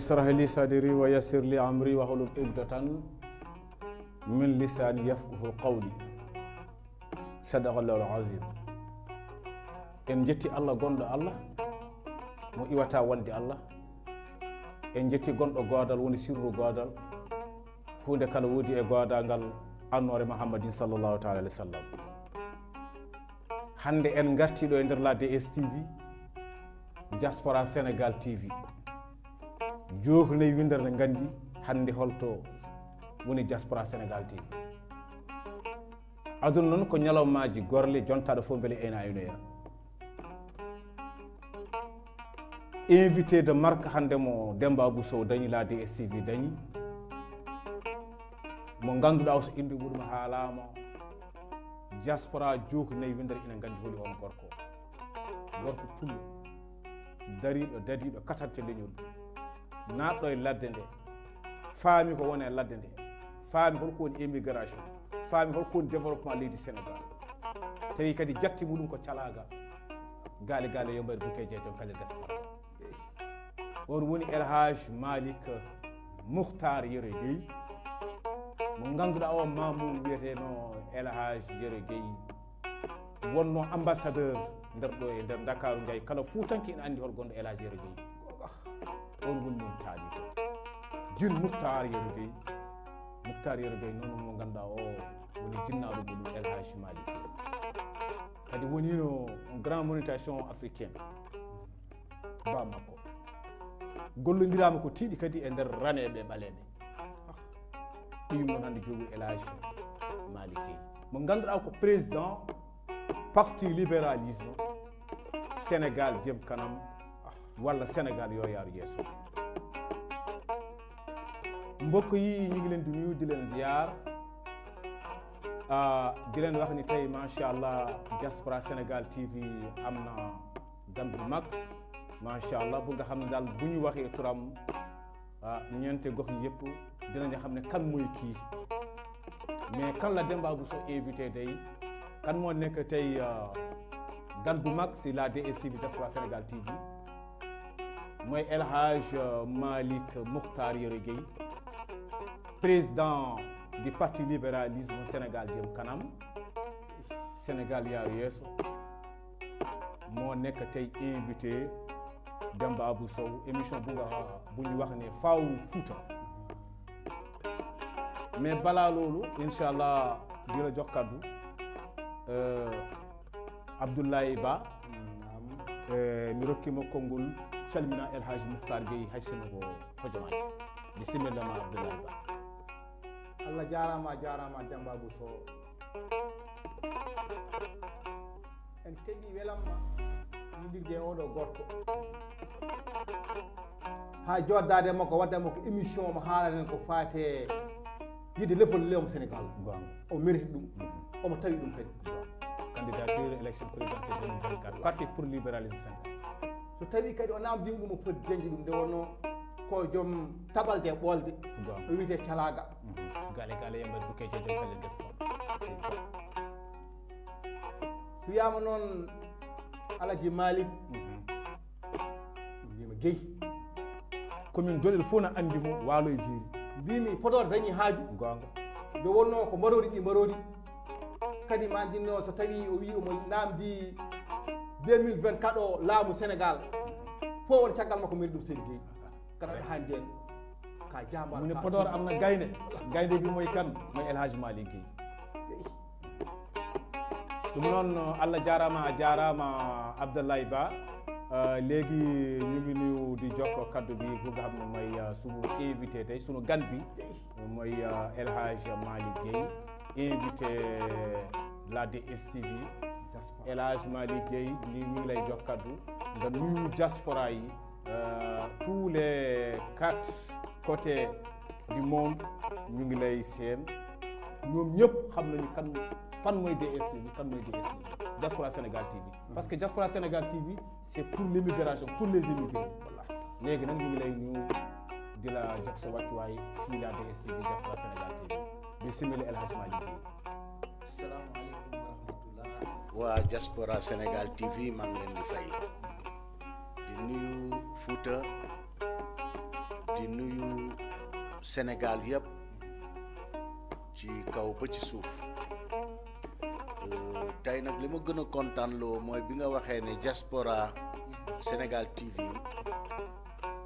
israhili sadiri wa yassir li amri wa holum ibda tan min lisani yafkuhu qawli sadaka llahu alazim en jetti allah gonɗo allah mo iwata wonde allah en jetti gonɗo godal woni sirru godal hunde kala wodi e godalngal annore mouhammadin sallllahu taala alih w sallam hande en gartiɗo e nder ladde stv diaspora sénégal tv jooknayi windere nde nganndi hannde holto woni diaspora sénégal tv aduna noon ko ñalowmaaji gorle jontaaɗo fof mbele eena aynoya e invité de marque hannde mo dembabou sow dañi laade stv dañi mo ngannduɗaa o so inde muɗum haalaama diaspora jooknayi windere ina nganndi holi on gorko gorko pullo dariiɗo dadiiɗo katatte leñol naatɗo e ladde nde faami ko woni e ladde nde faami holko woni émigration faami holko woni développement leydi sénégal tawi kadi jatti muɗum ko calaga gaali gaali yo mbayde bukee jeejon kadi gasa on woni elhage malik mouhtar yero gueyi mo ganduɗa o mamoum wiyeteno elhage yero gueyi wonno ambassadeur nder ɗo e nder dakaru ndiayi kala fuutanki ina andi hol gonɗo elhage yero gueyi on woni noon taaɗi ko jin moutar yeru gey moutar yeru gey noon mo ngannduɗa o woni jinnaɗo ɓoɗum lhj mali gey kadi wonino grand monitation africain ba makko gollodirama ko tiiɗi kadi e nder raneɓe ɓaleɓe ɗiyummon hannde jogu lhj mali gey mo ngannduɗa ko président parti libéralisme sénégal jeem kanam wala Sénégal yoo yaaru yeesu mbokk yi ñu ngi leen di nuyu di leen ziar ah, di leen wax ni tey macha allah diaspora Sénégal TV am na gan bu mag macha allah bu nga xam ne daal bu ñu waxee turam ah, ñeente gox yi yëpp dinañu xam ne kan mooy kii mais kan la bu Bousso invité day kan moo nekk tey ah, gan bu mag si la DSTV diaspora Sénégal TV. moy El Hadj euh, Malik Mokhtar président du parti libéralisme Sénégal djem kanam Sénégal ya yeesu mo nek tay invité Demba Abou Sow émission bu nga bu wax né faaw mais bala lolu inshallah di la jox euh, Abdoulaye Ba mi mm, euh, rokkima calmina elhaji mouhtar gueyi haysino ko hojomaji mi simmidama abdoulahi ba allah jarama a jarama dembabou so en keeɓi welamma yidirde oɗo gorko ha joddade makko wadda makko émission mo haalaten ko faate yidde lefol leom sénégal omo mérite ɗum omo tawi ɗum kadi candidature élection présidentiel 2024 parti pour libéralisme sénégal so tawii kadi o naamdima ɗum o foti jañdi ɗum nde wonno ko joom taɓalde ɓoolde o wiyetee calaaga mhm. so wiyaama noon alaji maali mbima mhm. geyi komin dolel fof no anndi mo waalo e jeeri mbimi potoore dañii haaju gonga nde wonno ko mbaroori ɗi mbaroori kadi ma ndinnoo so tawii o wii omo naamdi 2024 o laamu sénégal fof won caggal makko mbiɗa ɗum seen geyi karaɗo hannde en ka jambaɗo mune podor amna gayne gayde bi moye kan moye elhaji mali geyi ɗum noon allah jarama a jarama abdoulaye ba euh, leegi ñumini di jokko kaddu bi huga hamne may euh, suno invité de suno ganbi moy elhaji euh, mali geyi invité la dstv El Hadj Malick Gueye ñu ngi lay jox kaddu nga nuyu diaspora yi euh, tous les quatre côtés du monde ñu ngi lay seen ñoom ñëpp xam nañu kan fan mooy DSTV kan mooy DSTV diaspora Sénégal TV. Mm-hmm. parce que diaspora Sénégal TV c'est pour l'immigration pour les immigrés voilà léegi nag ñu ngi lay ñu di la jox sa wàccuwaay fii la DSTV diaspora Sénégal TV bisimilah El Hadj Malick Gueye. salaamaaleykum wa rahmatullah. waa Diaspora Sénégal TV maa ngi leen di fay di nuyu Fouta di nuyu Sénégal yëpp ci kaw ba ci suuf euh, tey nag li ma gën a kontaan loo mooy bi nga waxee ne Diaspora Sénégal TV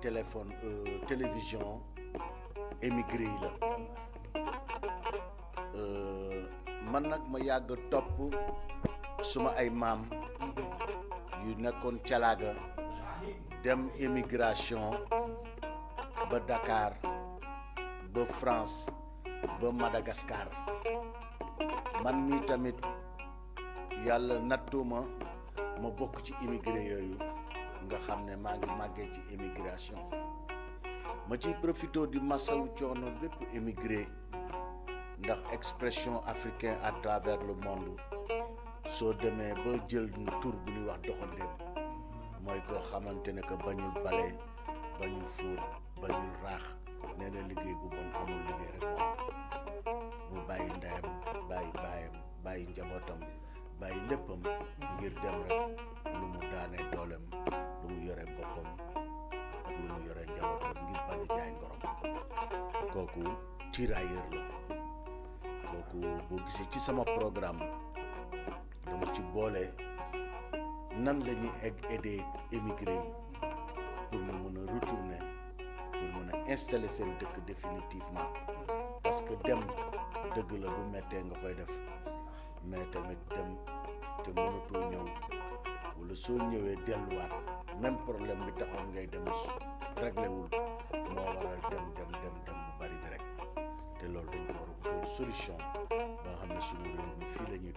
téléphone euh, télévision émigré la euh, man nag ma yàgg topp. suma ay yu dem Dakar de France de Madagascar Je tamit yàlla nattuma ma bokk ci immigré nga xam ne immigration ma di expression africain à travers le monde soo demee ba jël tur bu ñuy wax doxandéem mooy koo xamante ne que bañul bale bañul fóot bañul raax nee na liggéey bu bon amul liggéey rek mu bàyyi ndeyam bàyyi baayam bàyyi njabootam bàyyi léppam ngir dem rek lu mu daane dooleem lu mu yore boppam ak lu mu yore njabootam ngir bañu jaay ngorom kooku tirailleur la kooku boo gisee ci sama programme nga mu ci boole nan la ñuy egg aider émigré pour ñu mën a retourner pour mën a installer seen dëkk définitivement parce que dem dëgg la bu méttee nga koy def mais tamit dem te mënatoo ñëw wala soo ñëwee delluwaat même problème bi taxoon ngay dem réglé wul moo waral dem dem dem bu bari bi rek te loolu dañ ko war solution ba xam ne suñu réew fii la ñuy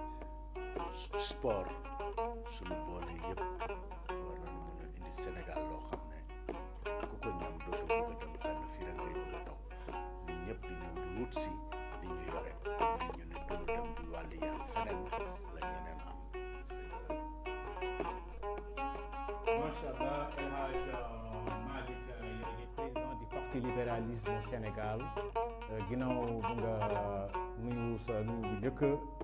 sport suñu bool yi yëpp war nañ mën a indi Sénégal loo xam ne ku ko ñam dootu bëgg a dem fenn fii rek ngay bëgg a toog ñun ñëpp di ñëw di wut si di ñu yore mais ñu ne duñu dem di wàllu yàlla feneen la ñeneen am. macha allah El Hadj euh, Malick Ndiaye euh, président du parti libéralisme Sénégal euh, ginnaaw nga nuyu sa nuyu bu njëkk.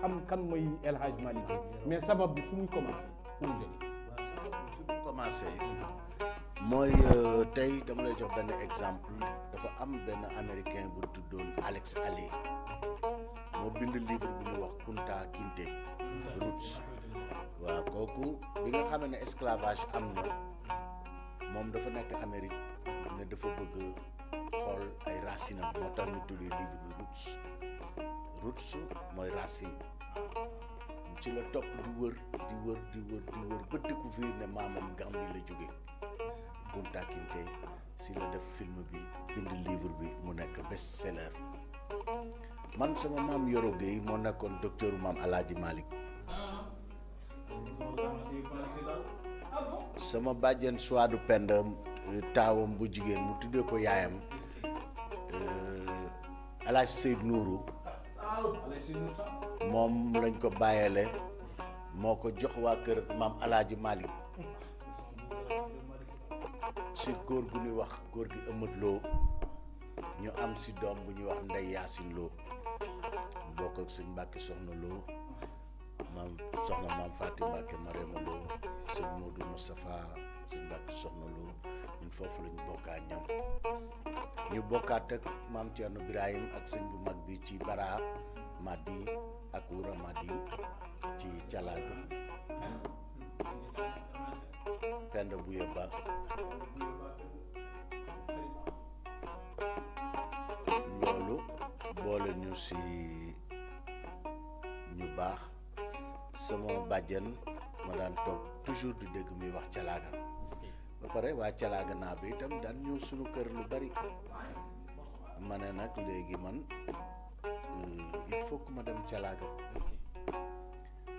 xam kan moy El Hadj Malick mais sabab bi fu muy commencé fu sabab bi fu mu commencé mooy euh, dama lay jox ben exemple dafa am ben américain bu tuddoon Alex Haley mo bind livre bu wax Kunta Kinte Roots wa koku bi nga xamné esclavage am na moom dafa nek Amérique ne dafa bëgg xol ay racines motax ñu livre Roots rutsu moy racine ci la top di wër di wër di wër di wër ba découvrir ne maamam gambi la jóge Kunta Kinte ci la def film bi bind livre bi mu nek best seller man sama mam Yoro gay mo nekkoon docteur mam aladi malik sama bàjjen suwaadu pendam eh, tawam bu jigen mu tuddee ko euh Alaaji Seyd Nourou moom lañ ko bàyyele moo ko jox waa kër maam alaaji Malick si góor gu ñuy wax góor gi ëmmat loo ñu am si doom bu ñuy wax ndey yaasin loo bokk ak sëñ Mbàkke soxna loo maam soxna maam Faati Mbàkke Marema loo sëñ Moodu Moustapha sëñ Mbàkke soxna Lo ñun foofu lañu bokkaat ñoom ñu bokkaat ak ak bu mag bi ci Bara Madi ak Wura Madi ci Calaaga Penda bu yëbba boleh boole ñu si ñu bax sama badjan dama daan toog toujours di dégg muy wax calaaga ba pare waa calaaga naa bi itam daan ñëw suñu kër lu bari ma ne nag léegi man euh, il faut que ma dem calaaga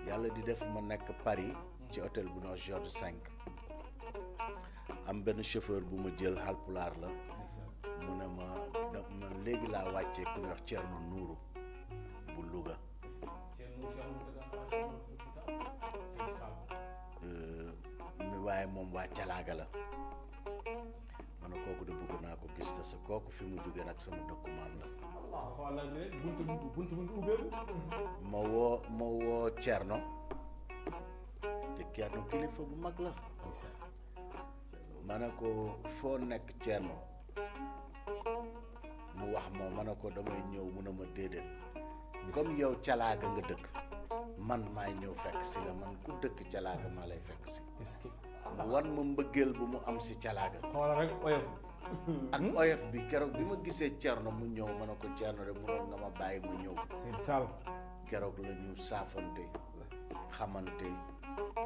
yàlla di def ma nekk Paris ci hôtel bu noo George V am benn chauffeur bu ma jël Halpulaar la mu ne ma man léegi laa wàccee ku ñuy wax Thierno Nourou bu Louga waaye moom waa calaaga la ma ne kooku de bëgg naa ko gis te sa kooku fi mu jógee nag sama dëkku maam la. ma woo ma woo Thierno te Thierno kilifa bu mag la. ma ne ko foo nekk Thierno mu wax moom ma ne ko damay ñëw mu ne ma déedéet comme yow calaaga nga dëkk. man may ñew fekk si la man ku dëkk calaaga ma lay fekk si wan mu mbëggeel bu mu am si calaaga xoola rek oyof ak oyof bi keroog bi ma gisee cerno mu ñëw ma ne ko cerno de munoon nga ma bàyyi ma ñëw tal keroog la ñu saafante xamante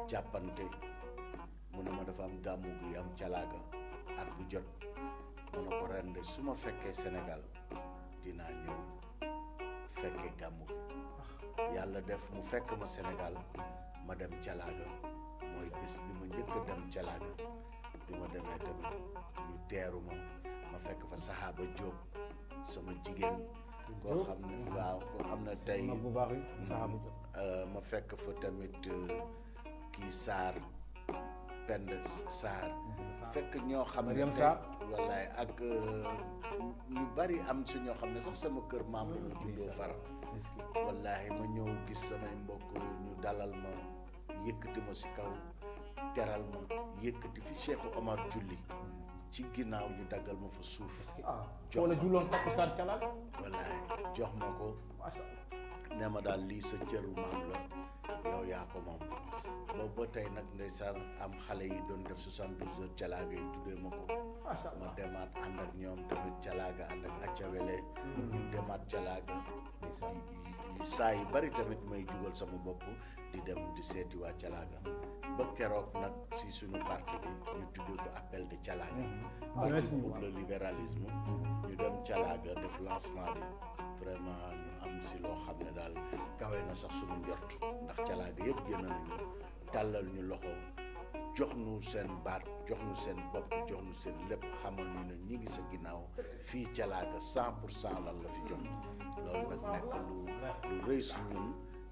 jàppante mu ne ma dafa am gàmmu gi am calaaga at bu jot ma ne ko ren de su ma fekkee Sénégal dinaa ñëw fekkee gàmmu gi yalla def mu fekk ma senegal ma dem jalaga moy bis bi ma ñëkk dem jalaga bi ma demé tamit ñu téru mo ma fekk fa Sahaba job sama jigéen tay, xam ne waaw koo sahaba job euh ma fekk fa tamit ki sar Pend sar fekk ño xam ne ak ñu bari am ci ño sax sama kër maam ñu far wallaahi ma ñëw gis samay mbokk ñu dalal ma yëkkati ma si kaw teral ma yëkkati fi Cheikh Omar julli ci ginnaaw ñu daggal ma fa suuf jox wala ah, julloon takkusaan wallaahi jox ma ko ne ma daal lii sa cëru maam la yow yaa ko moom boobu tey nag ndeysaan am xale yi doon def soixante-douze heures calaaga yi tuddee ma ko ma demaat ànd ak ñoom tamit calaaga ànd ak accawele hmm. ñu demaat calaaga saa yi bari tamit may jugal sama bopp di dem di seeti waa calaaga ba keroog nag si suñu parti bi ñu tuddee ko appel de calaaga hmm. parti pour le libéralisme ñu dem calaaga def lancement vraiment ñu am si loo xam ne daal kawe na sax suñu njort ndax calaaga yëpp génn nañu tàllal ñu loxo jox nu seen baat jox nu seen bopp jox nu seen lépp xamal nu ne ñi ngi sa ginnaaw fii calaaga cent cent lan la fi jom loolu nag nekk lu rëy su ñun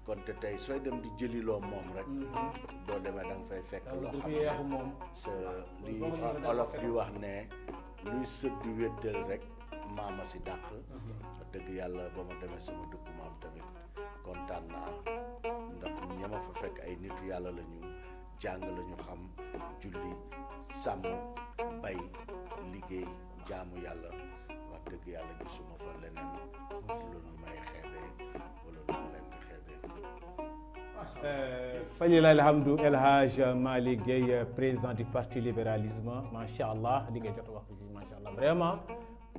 kon te tey sooy dem di jëli moom rek boo demee da fay fekk loo xam ne sa li olof bi wax ne luy sëddi wéttal rek maama si dàq dëgg yàlla ba ma demee sama dëkku maam tamit kontaan naa ndax ña fa fekk ay nitu yàlla la ñu jàng la ñu xam julli sàmm bay liggéey jaamu yàlla wax dëgg yàlla gisuma fa leneen lu nu may xeebee wala lu nu leen di xeebee euh, falilaa alhamdu El Hadj Malick président du parti libéralisme macha allah li ngay jot wax bi macha allah vraiment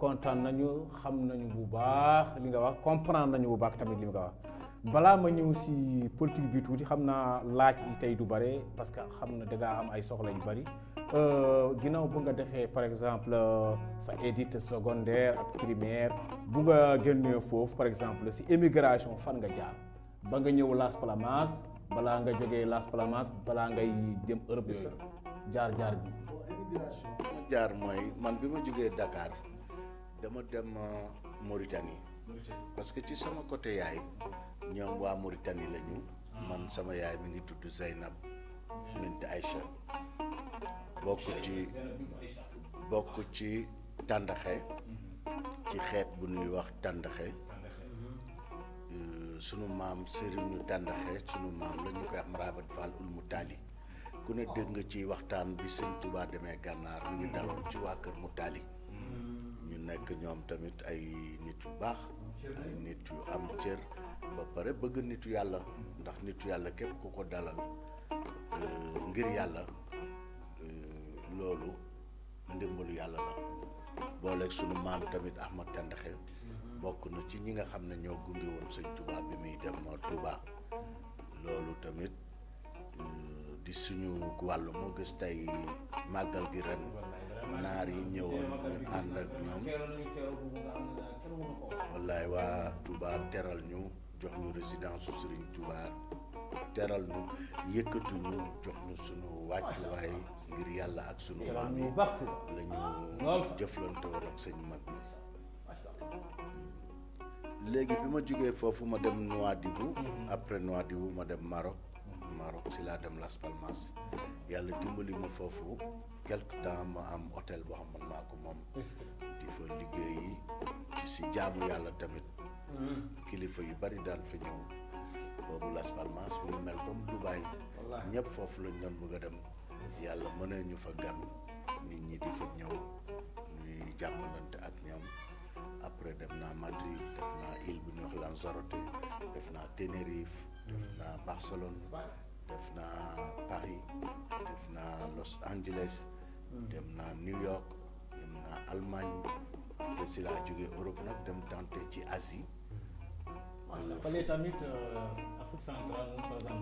kontan nañu xam nañu bu baax li nga wax comprendre nañu bu baax tamit li nga wax bala ma ñew si politique bi tuuti xam naa laaj yi tey du bare parce que xam na dangaa am ay soxla yu bari euh, ginnaaw bu nga defee par exemple sa édite secondaire ak primaire bu nga génnee foofu par exemple si émigration fan nga jaar ba nga ñëw Las Palmas bala nga jógee Las Palmas bala ngay jëm Europe sa jaar jaar bi. émigration jaar mooy man bi ma Dakar. dama dem euh, Mauritanie. parce que ci sama côté yaay ñoom waa Mauritanie la ah. man sama yaay mi ngi tudd Zeynab Mint ay bokk ci bokk ci tàndaxe mhm. ci xeet bu ñuy wax tàndaxe euh, sunu maam Serigne tàndaxe sunu maam la ñu koy am Rabat Fall Ulmu Taali ku ne dégg nga ci waxtaan bi sëñ Touba demee gànnaar mi mhm. ngi daloon ci waa kër mu Taali nekk ñoom tamit ay nit yu baax ay nit yu am cër ba pare bëgg nitu yàlla ndax nitu yàlla képp ku ko dalal euh, ngir yàlla euh, loolu ndimbalu yàlla la booleeg sunu maam tamit Ahmad Tandaxe bokk na ci ñi nga xam ne ñoo gunge woon sëñ Touba bi muy dem Touba loolu tamit euh, di suñu wàllu moo gis tey màggal gi ren naar yi ñëwoon ñu ànd ak ñoom wallaay waa Touba teral ñu jox ñu résidence su Serigne teral ñu yëkkatu ñu jox ñu sunu wàccuwaay ngir yàlla ak sunu maam yi la ak sëñ mag bi léegi bi ma jógee foofu ma dem Nouadhibou mm-hmm. après Nouadhibou ma dem Maroc Maroc ci la dem Las Palmas yalla dimbali ma fofu quelque temps ma am hotel bo xam man ko di fa liggéey ci si jaamu yalla tamit hmm. kilifa yu bari dal fi ñew bobu Las Palmas bu mel comme Dubai ñëpp fofu lañ doon bëgg dem yalla mëna ñu fa gan nit ñi di fa ñew ñuy jàppalante ak ñom après dem na Madrid def na île bu ñu wax Lanzarote def na Tenerife def hmm. na Barcelone def naa Paris def naa Los Angeles. dem na New York dem naa Allemagne après si laa Europe nag dem tenter ci Asie. voilà fële tamit. Euh,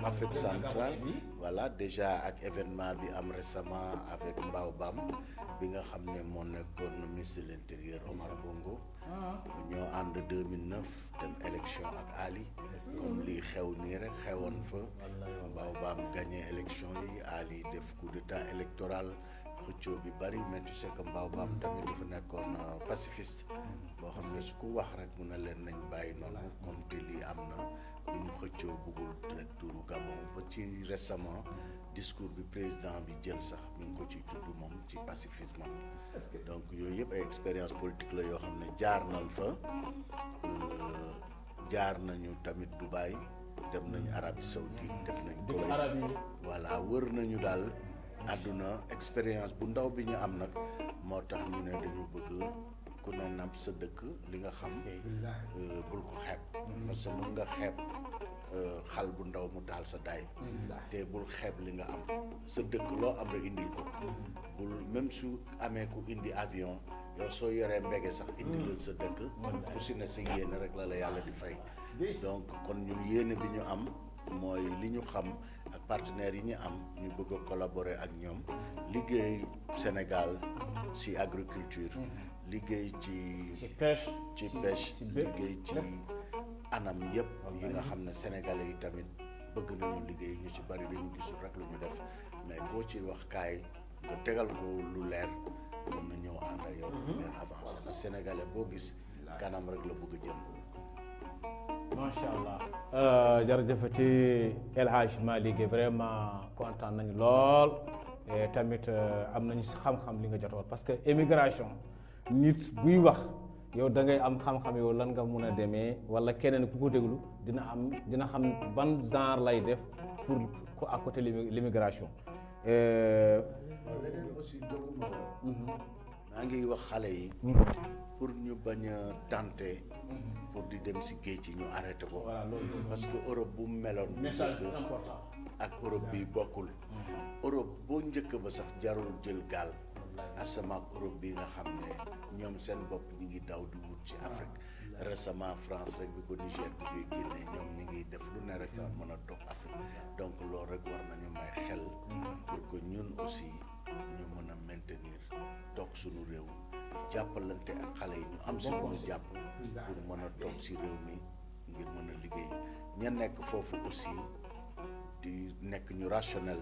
Afrique centrale Afrique voilà déjà ak événement bi am récemment avec Mbao Bam bi nga xam ne moo nekkoon ministre de l'intérieur Omar Bongo ah. ñoo ànd dem élection ak Ali comme lii xew nii rek xewoon fa Mbao Bam gagné élection yi Ali def coup d'état électoral xëccoo bi bari mais tu sais que tamit dafa nekkoon euh, pacifiste hmm. boo xam ne su ko wax rek mun a leen nañ bàyyi noonu comme te lii am na duñu xëccoo bëggul rek turu Gabon ba ci récemment discours bi président bi jël sax mi ngi ko ciy tudd moom ci pacifisme donc yooyu yëpp ay expérience politique la yoo xam ne jaar nañ fa euh, jaar nañu tamit Dubaï dem nañ Arabie Saoudite def nañ ko voilà wër nañu daal àdduna expérience bu ndaw bi ñu am nag moo tax ñu ne dañu bëgg ku ne namp sa dëkk li nga xam euh, bul ko xeeb parce que mën nga xeeb euh, xal bu ndaw mu daal sa daay te bul xeeb li nga am sa dëkk loo am rek indil ko bul même su amee ku indi avion yow soo yoree mbege sax indi leen sa dëkk ku si ne sa yéene rek la yàlla di fay donc kon ñun yéene bi ñu am mooy li ñu xam ak partenaires yi ñu am ñu bëgg a collaborer ak ñoom liggéey Sénégal si agriculture mm-hmm. liggéey ci. ci pêche ci pêche liggéey ci anam yëpp. yi nga xam ne sénégalais yi tamit bëgg nañu liggéey ñu ci bari li ñu gisul rek lu ñu def mais koo ci wax kaay nga tegal ko lu leer mën na ñëw ànd ak yow. Mhm. ngeen avancé na sénégalais boo gis kanam rek la bëgg a jëm. macha allah. ci euh, El Hadj Malick vraiment content nañu lool. et tamit euh, am nañu xam-xam li nga jotoon parce que émigration. nit buy wax yow da ngay am xam-xam yow lan nga mun a demee wala keneen ku ko déglu dina am dina xam ban genre lay def pour ko à côté l'immigration leneen aussi doguma maa ngi wax xale yi hmm. pour ñu bañ a tenter hmm. pour di dem si géej ci ñu arrêté ko parce que Europe bu meloon message important ak Europe bi bokkul hmm. Europe boo njëkk ba sax jarul jël gaal asamaak Europe bi nga xam ne ñoom seen bopp ñu ngi daw di wut ci Afrique récemment France rek bi ko Niger bi génnee ñoom ñu ngi def lu ne rek mën a toog Afrique donc loolu rek war nañu may xel mm-hmm. pour que ñun aussi ñu mën a maintenir toog suñu réew jàppalante ak xale yi ñu am si ñu jàpp pour mën a toog si réew mi ngir mën a liggéey ña nekk foofu aussi di nekk ñu rationnel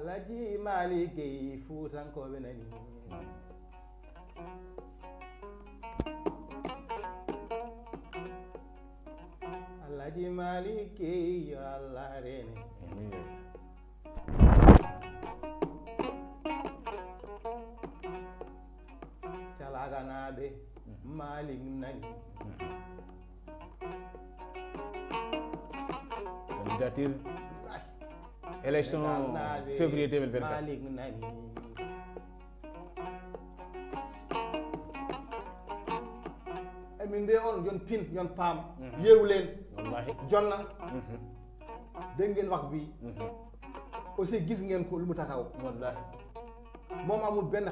alaji mali gey fuutankoɓe nani alaji mali gey yo allah rene calaganaɓe malik nani datir élection février 2024 min on yon pin yon yewlen jonna de ngeen wax bi mhm. aussi gis ngeen ko lu mu wallahi amul mhm.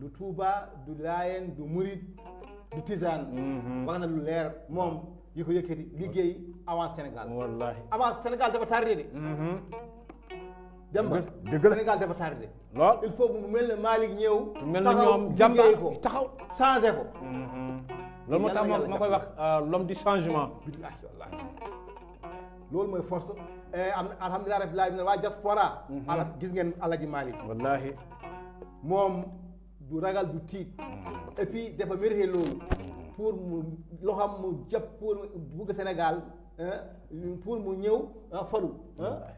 du Touba du du du mhm. wax lu yi ko yëkkati liggéey avant Sénégal. wallaahi avant Sénégal dafa tardé de. Mhm. dem ba Sénégal dafa tardé. lool il faut mu mel ne Malick ñëw. mel na ñoom jàmba taxaw changé ko. Mhm. loolu moo tax ma koy wax euh, l'homme du changement. loolu mooy force eh, am na alhamdulilah rabbil aalamiin waa diaspora. Mhm. ala gis ngeen alaji Malick. wallaahi moom du ragal du tiit. et puis dafa mérité loolu. pour mu loxam mu jëpp pour bugg sénégal pour mu ñëw faru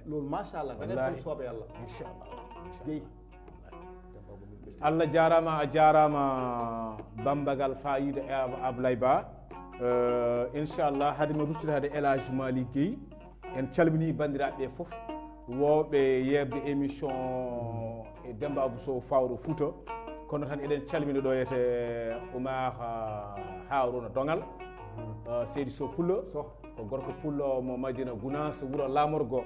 loolu macha allah da nga soobe yàlla insha allah allah jaarama a jaarama bambagal fayida e ablay ba euh, inchallah haade mi ruttitade élage mali guey en calmini bandiraɓe fof wowɓe yebde émission e dembabou sow fawro fouta kono tan eɗen calmini ɗo yete oumar haruna dogal mm. uh, seydi so pullo ko gorko pullo mo madina gounance wuuro lamorgo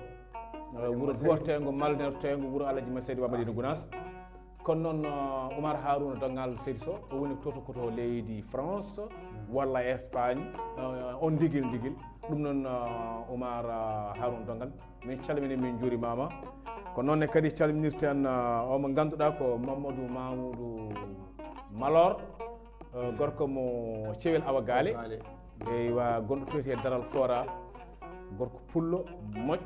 uh, wuuro duwortengo malnertengo wuuro alhaji ma seydi wa madina gounance kono noon uh, oumar haruna dogal seydi so o woni toto koto leydi france walla e espagne euh, on ndigil ndigil ɗum noon euh, oumar euh, harun dongal min calmini min juurimama ko noonne kadi calminirten omo ganduɗa ko mamadou mamoudou malor gorko mo cewel awa gaale ewa gonɗo toyti e daral fora gorko pullo moƴƴo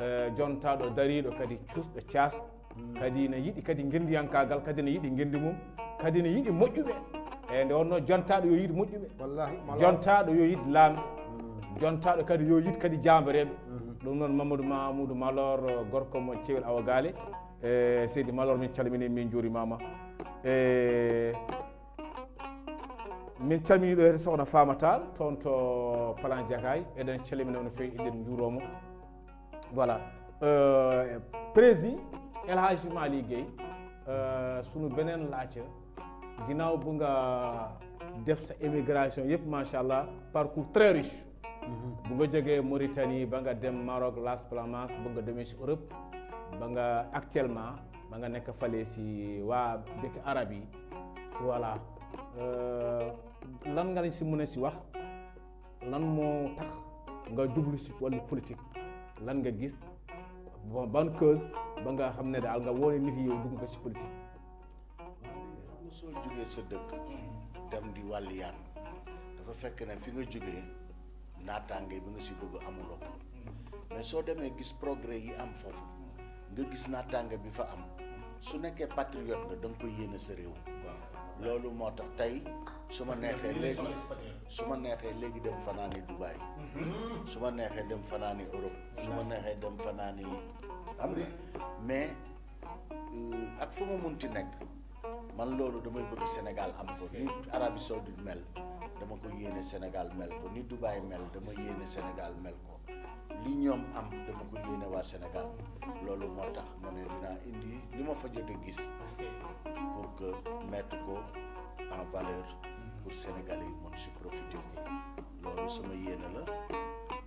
e jontaɗo dariɗo kadi cuusɗo caas kadi ne yiɗi kadi gendiyankagal kadi ne yiɗi gendi mum kadi ne yiɗi moƴƴuɓe eyyi nde wonno jontaɗo yo yiit moƴƴuɓe jontaɗo yo yiit laamɓe mm. jontaɗo kadi yo yiit kadi jambareɓe mm-hmm. ɗum noon mamadou mamoudou malor eh, gorko mo cewel awa gaale e seydi malor min calmini min juurimama e eh, min calminiɗo hede sokhna famatal toon to plan diakay eɗen calmini o no fewi eɗen juuromo voilà prési elhaji mali gueye suno benen laaca ginnaaw bu nga def sa émigration yëpp macha allah parcours très riche. Mhm. bu nga jógee Mauritanie ba nga dem Maroc Las Palmas ba nga demee si Europe ba nga actuellement ba nga nekk fale si waa dëkk arab yi voilà euh, lan nga lañ si mën a si wax lan moo tax nga jublu si wàllu politique lan nga gis bon ban cause ba nga xam ne daal nga woone nit yi yow dugg nga si politique. soo jógee sa dëkk dem di wàlliyaan dafa fekk ne fi nga jógee naataange bi nga si bëgg amuloo mais soo demee gis progrès yi am foofu nga gis naataange bi fa am su nekkee patriote nga da nga yéene sa réew loolu moo tax tey su ma neexee léegi su ma neexee léegi dem fanaani Dubaï mm-hmm. su ma neexee dem fanaani Europe mm-hmm. su ma neexee dem fanaani am na mm-hmm. mais euh, ak fu ma mun munti nekk man lolu damay bëgg Sénégal am ko ni Arabie Saoudite mel dama ko yéene Sénégal mel ko ni dubai mel dama yéene Sénégal mel ko li ñoom am dama ko yéene waa Sénégal loolu moo tax ma ne dinaa indi li ma fa jot a gis pour que mettre ko en valeur pour Sénégalais yi mën si ko loolu sama yéene la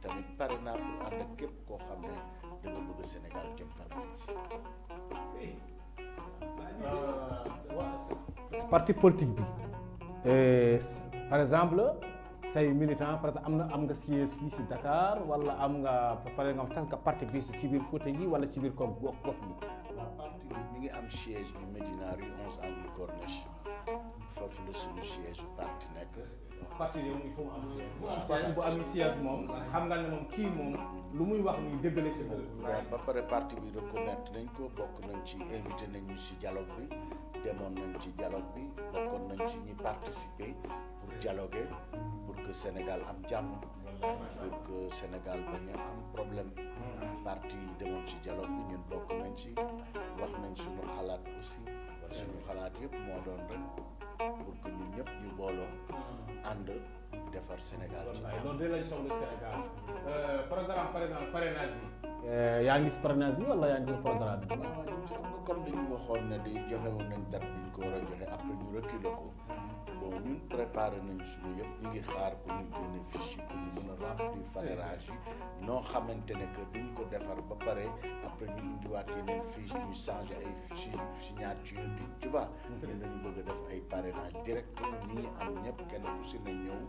tamit pare pour ànd képp koo xam dama bëgg Sénégal jëm kanam Euh, parti politique bi par exemple say militant parce que am na am nga siège fii si Dakar wala am nga par exemple tas nga parti bi ci biir Fouta yi wala ci biir ko gox parti bi mi ngi am siège bi Médina rue 11 angle Corniche foofu la suñu siège parti nekk. parti yooyu il faut mu am siège. parti bu moom xam nga ne moom kii moom lu muy wax nii dëggale si bopp. ba pare parti bi reconnaître nañ ko bokk nañ ci invité nañu si dialogue bi demoon nañ ci dialogue bi bokkoon nañ ci ñi participer pour dialoguer pour que Sénégal am jàmm. pour que Sénégal a problème. parti yi ci dialogue bi ñun bokk nañ ci wax nañ suñu xalaat aussi. suñu xalaat yëpp moo doon rek. pour que ñun ñëpp ñu booloo ànd defar Sénégal. loolu de lañ soxla Sénégal euh, programme parrainage bi. Eh, yaa ngi si parrainage bi yaa ngi si programme bi. waaw waaw comme dañu waxoon ne di joxe woon nañ date bi ñu ko war a joxe après ñu reculé ko bon ñun préparé nañ suñu yëpp ñu ngi xaar pour ñu génne fiche yi pour ñu mën a remplir parrainage yi noo xamante ne que duñ ko defar ba pare après ñu indiwaat yeneen fiche ñu changé ay signature bi tu vois. ñu dañu bëgg def ay parrainage directement nii am ñëpp kenn ku si ne ñëw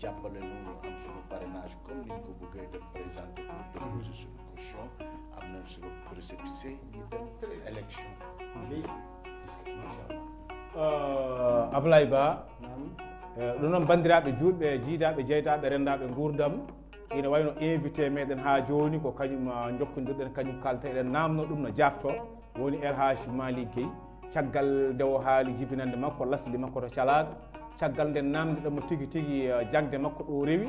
jàppale ñu am suñu parrainage comme ni ñu ko bëggee def présenté pour déglu mhm. suñu. construction amener sur le précipicé élection euh, ablay ba euh, ɗum noon banndiraaɓe juuɗɓe jiidaaɓe jeydaaɓe renndaaɓe nguurdam ina wayno invité meɗen haa jooni ko kañum euh, jokkondirɗen kañum kalata eɗen naamno ɗum no jaabtoo woni lhage mali guey caggal nde o haali jibinande makko lasli makko to calaaga caggal nden naamdi ɗo mo tigi tigi jagde makko ɗo rewi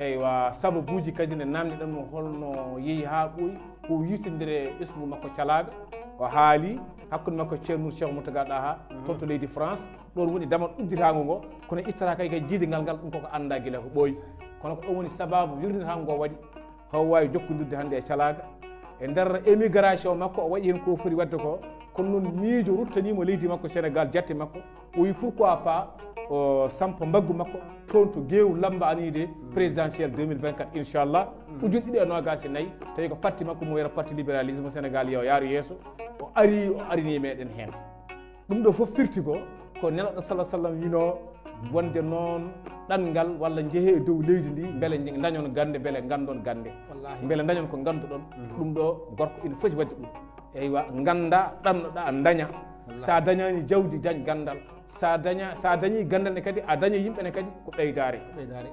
eywa sababuji kadi ne namdi ɗan no holno yeehi ha ɓooyi ko yirtindire ɓesmu makko calaga o haali hakkude makko ceernour cheikh moutaga ɗa ha mhm. tonto leydi france ɗon woni damal udditago ngo kono ittata kay kay jiidengal ngal ɗum koko anda guila ko ɓooyi kono ko ɗon woni sababu yirdirtago ngo waɗi haw wawi jokkodirde hannde e calaga e nder émigration makko o waɗi hen ko foti wadde ko kono noon miijo ruttanimo leydi makko sénégal jatte makko o wi pourquoi pas o euh, sampa mbaggu makko toon to gewu lamba anide présidentiel 2024 inchallah mm. ujun ɗiɗi e nogasi e nayyi tawi ko parti makko mo wiyata parti libéralisme sénégal yo yaaru yesso o ari o arini meɗen hen ɗum ɗo foof firti ko ko nelaɗo salah sallam wino wonde noon ɗanngal walla jeehe dow leydi ndi beele dañon gande beele gandon gande mbele dañon ko ngannduɗon ɗum ɗo gorko ina foti wadde ɗum eywa ngannda ɗamnoɗa daña sa dañani jawdi dañ gandal sa daña sa dañi gandal ne kadi a daña yimɓene kadi ko ɓeydare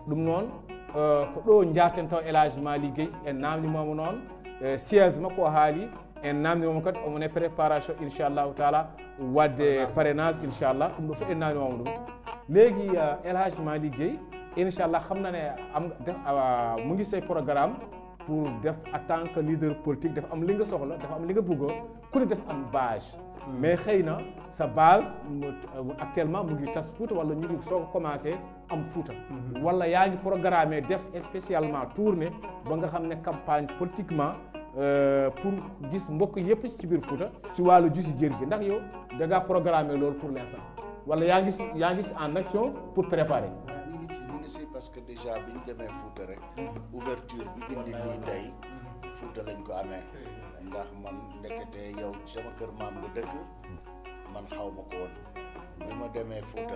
ɗum noon e, ko ɗo jarten taw élage mali gueyi en namdimamo noon e siége makko o haali en namdimamo kadi omone préparation inchallahu taala wadde parénage inchallah ɗum ɗo fof en namdimamo ɗum leegui élage e, mali gueyi inchallah xamnane am muguise programme pour def en tant que leader politique def am li nga soxla def am li nga bëgg ku ne def am base. Hmm. mais xëy sa base euh, actuellement mu ngi tas Fuuta wala ñu ngi soog a commencé am Fuuta. Hmm. wala yaa ngi programmé def spécialement tournée ba nga xam ne campagne politiquement. Euh, pour gis mbokk yëpp ci biir Fouta si wàllu ji si jër gi ndax yow da ngaa programmé loolu pour l'instant wala yaa ngi si yaa ngi si en action pour préparer ni si parce que déjà bi ñu demee Fouta rek ouverture bi indi lii tey Fouta lañ ko amee ndax man ndekete yow sama kër maam nga dëkk man xaw ma ko woon ma demee Fouta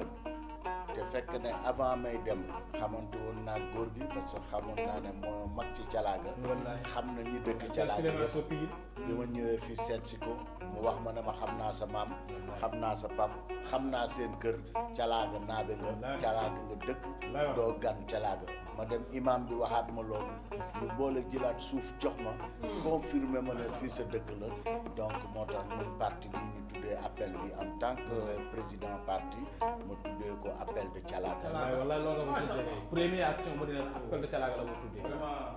te fekk ne avant may dem xamante woon naa góor gi parce que xamoon naa ne moo mag ci Jalaaga xam na ñu dëkk Jalaaga bi ma ñëwee fii seet si ko mu wax ma ne ma xam naa sa maam xam naa sa pap xam naa seen kër Jalaaga naabe nga Jalaaga nga dëkk doo gan calaaga ma dem imam bi waxaat ma loolu mu boole jilaat suuf jox ma hmm. confirmé ma ne fii sa dëkk la donc moo tax ñun parti bi ñu tuddee appel bi en tant que président parti ma tuddee ko ko appel de Thialaga. waaw wala loolu la ko tuddee première action moo di leen appel de Thialaga la ko tuddee.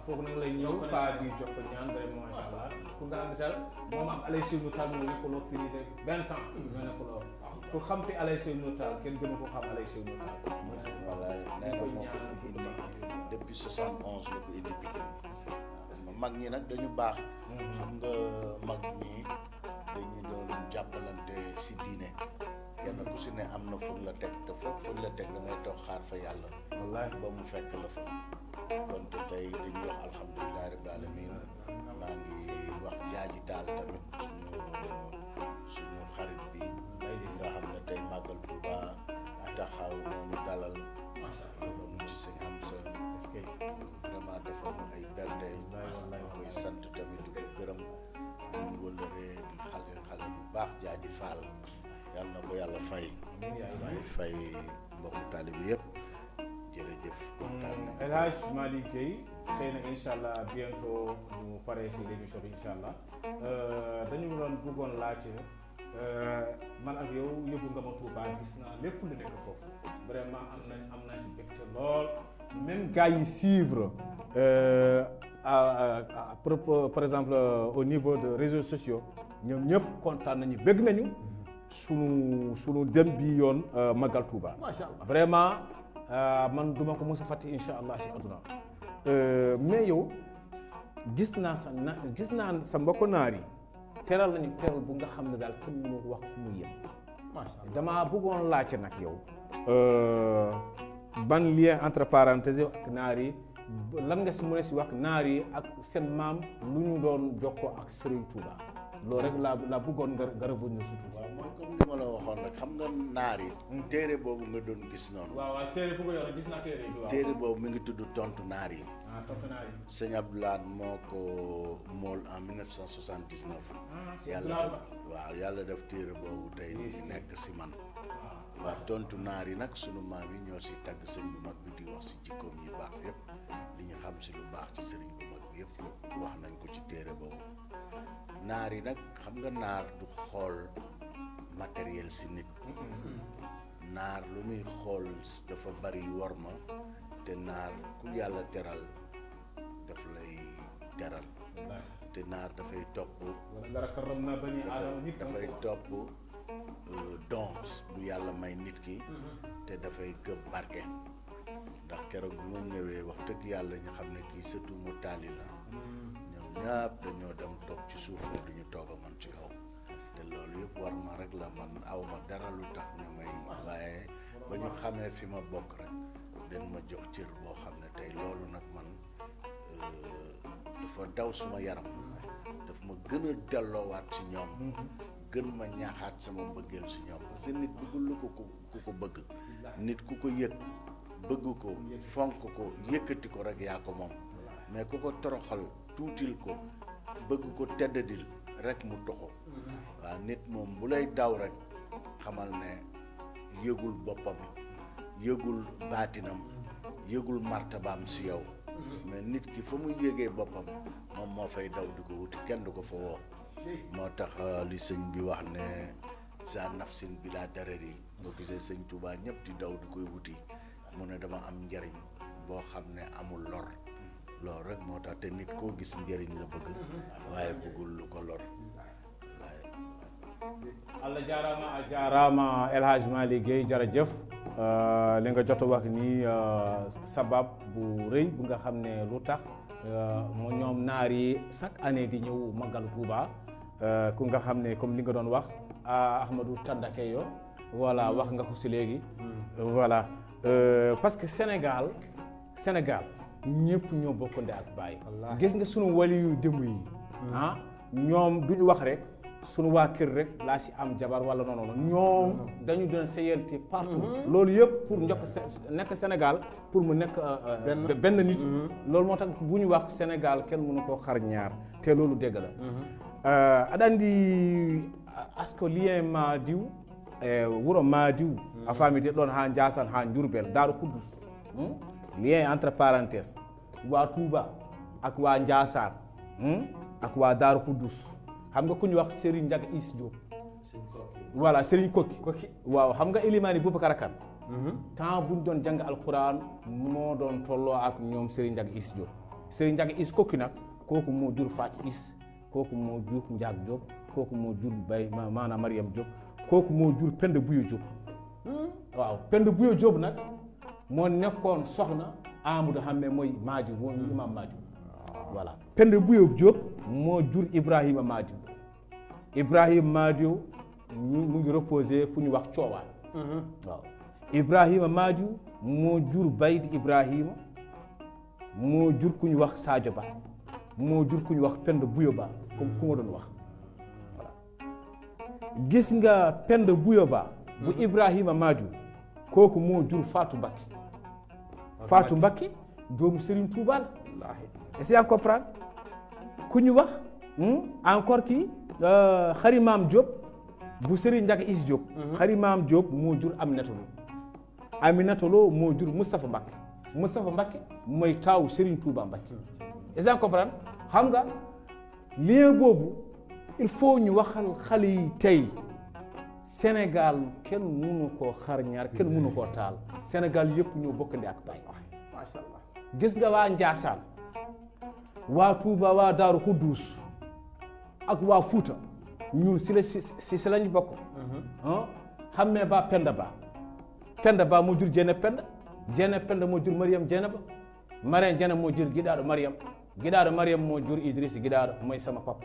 foofu nag lay ñëw pas bi jox ko ñaan vraiment moom am Alay Seydou Tall ñoo nekkuloo plus de vingt xam fi Alay Seydou Tall kenn gënu ko xam Alay Seydou Tall. voilà nee na moom depuis soixante onze la ko indi mag ñi nag dañu baax. Mm-hmm. xam nga mag ñi dañu doon jàppalante si diine. kenn ku si ne am na fu la teg te fu xaar fa yàlla. ba mu fekk la fa. kon te tey dañuy wax alhamdulilah rabbil alamin maa ngi wax jaaji taal tamit suñu xarit bi. nga xam ne tey màggal Tuuba taxaw noonu dalal. macha allah ci sëñ am sa. vraiment defal ma ay bernde. ñu koy sant tamit di ko gërëm. ñu wëlëree di xale xale bu baax jaaji faal. yalla na yalla fay. may fay mbokku talib yëpp jërëjëf. kontaan nañ El Hadj Malick Gueye xëy bientôt mu paré ci l'émission bi incha allah euh, dañu doon bëggoon euh man ak yow yóbbu nga ma Touba gis na lepp lu nekk foofu vraiment am nañ am naa ci mbégte lool même gars yi suivre. Euh, à à propos par exemple euh, au niveau de réseaux sociaux ñom ñep kontaan nañu bëgg nañu. sunu sunu dem bi yoon euh, Magal Touba. vraiment euh, man duma ko mos a fàtte incha allah si àdduna euh, mais yow gis naa sa na gis naa sa mbokku yi teral nañu teral bu nga xam ne daal kenn mënu wax fu mu yem. macha allah damaa bëggoon laajte nag yow. ban lien entre parenthèses yow ak naar yi lan nga si mën si wax naar yi ak seen maam lu ñu doon jokkoo ak Serigne Touba. loolu rek la la bëggoon nga nga revenir surtout. waaw mooy comme li ma la waxoon nag xam nga naar yi. Hmm. téere boobu nga doon gis noonu. téere gis naa téere yi. boobu mi ngi tudd tontu naar yi. ah tontu naar moo ko mool en 1979. Ah, yàlla def waaw yàlla def téere boobu tey ñu nekk si man. Ah. waaw tontu naar yi nag sunu maam yi ñoo si tagg sëñ bu mag bi di wax si jikkoom yi baax yëpp li ñu xam si lu baax ci sëriñ bi. yëpp wax nañ ko ci téere boobu naar yi nag xam nga naar du xool matériel si nit naar lu muy xool dafa bari worma te naar ku yàlla teral daf lay teral te naar dafay topp dafay topp euh, dons bu yàlla may nit ki mm-hmm. te dafay gëb barke ndax keroog bu ma ñëwee wax dëgg yàlla ñu xam ne kii surtout mu taali la ñoom ñaap dañoo dem toog ci suuf ne duñu toog a man ci kaw te loolu yëpp war ma rek la man aw ma dara lu tax ñu may waaye ba xamee fi ma bokk rek ma jox cër boo xam ne tey loolu nag man euh, dafa daw suma yaram daf ma gën a delloowaat ci ñoom gën ma ñaaxaat sama mbëggeel ci ñoom parce nit bëggul lu ko ku ko bëgg nit ku ko yëg bëgg ko fonk ko yëkkati ko rek yaa ko moom mais ku ko toroxal tuutil ko bëgg ko teddadil rek mu toxo waaw nit moom bu lay daw rek xamal ne yëgul boppam yëgul baatinam yëgul martabaam si yow mais nit ki fa muy yëgee boppam moom moo fay daw di ko wuti kenn du ko fa woo moo tax euh, li sëñ bi wax ne sa nafsin bi laa darer yi boo gisee sëñ Tuubaa ñëpp di daw di koy wuti mu ne dama am njariñ boo xam ne amul lor lor rek moo tax te nit koo gis njariñ la bëgg waaye bëggul lu ko lor allah jarama a jarama el hadj mali gueye jërëjëf euh, li nga jot wax ni euh, sabab bu reuy bu nga xam ne lu tax euh, mo ñoom naar yi chaque année di ñëw magal touba ku nga xam comme li nga doon wax ah, ahmadou tandakeyo voilà wax nga ko si léegi mm. voilà Euh, parce que Sénégal Sénégal ñëpp ñoo bokk ndey ak baay gis nga sunu wali yu yi hmm. ah ñoom duñu wax rek sunu waa kër rek laa si am jabar wala non non ñoom dañu doon séyante partout hmm. loolu yëpp pour njokk nekk Sénégal pour mu nekk euh, euh, benn nit hmm. loolu moo tax bu ñu wax Sénégal kenn mënu koo xar ñaar te loolu dégg la adandi asko lien diw e wuro madiw a faamide ɗon ha jasan ha jurbel daaro kuddus hmm? lien entre parentése wa touba ak wa jasan hmm? ak wa daaro kuddus xam nga ku ñu wax Serigne Ndiaga Is Diop voilà Serigne Kokki Kokki waaw xam nga Elimani Boubacara Kane mhm. temps buñ doon moo doon tolloo ak ñoom Serigne Ndiaga Is Diop Serigne Ndiaga Is Kokki nag kooku moo jur Fatou Is kooku moo jur Ndiaga Diop kooku moo jur Bay maanaam Mariam Diop kooku mo jur Penda Buya hmm? waaw pende nak mo soxna Madiou imam voilà pende mo jur Ibrahima Madiou ibrahim Ibrahim mu ngi reposé fu hmm. waaw Ibrahima mo jur Baydi Ibrahima mo jur wax Sadio Ba jur wax Ba comme ku ma doon gis nga Penda Bouyoba bu mhm. Ibrahima Madiou kooku moo jur Fatou Mbacké Fatou Mbacké doomu Serigne Touba la est-ce que ku ñu wax hmm, encore kii Xarimaam euh, Diop bu Serigne Ndiaga Is Diop Xarimaam mhm. Diop moo jur Aminata Lo Aminata Lo jur Moustapha Mbacké Moustapha Mbacké mooy taawu Serigne Touba Mbacké mhm. est-ce que yaa comprendre nga lien boobu il faut ñu waxal xale yi tey Sénégal kenn mënu ko xar ñaar kenn mënu ko taal Sénégal yëpp ñoo bokk ndey ak baay macha allah gis nga waa Njaasaan waa Touba waa Daaru Xuddus ak waa Fuuta ñun si la si si lañ bokk xam mhm. ba Penda Ba Penda Ba mo jur Jene Penda Jene Penda mo jur Mariam jene Ba Mariam jene mo jur Gidaaru Mariam Gidaaru Mariam mo jur Idriss Gidaaru mooy sama papa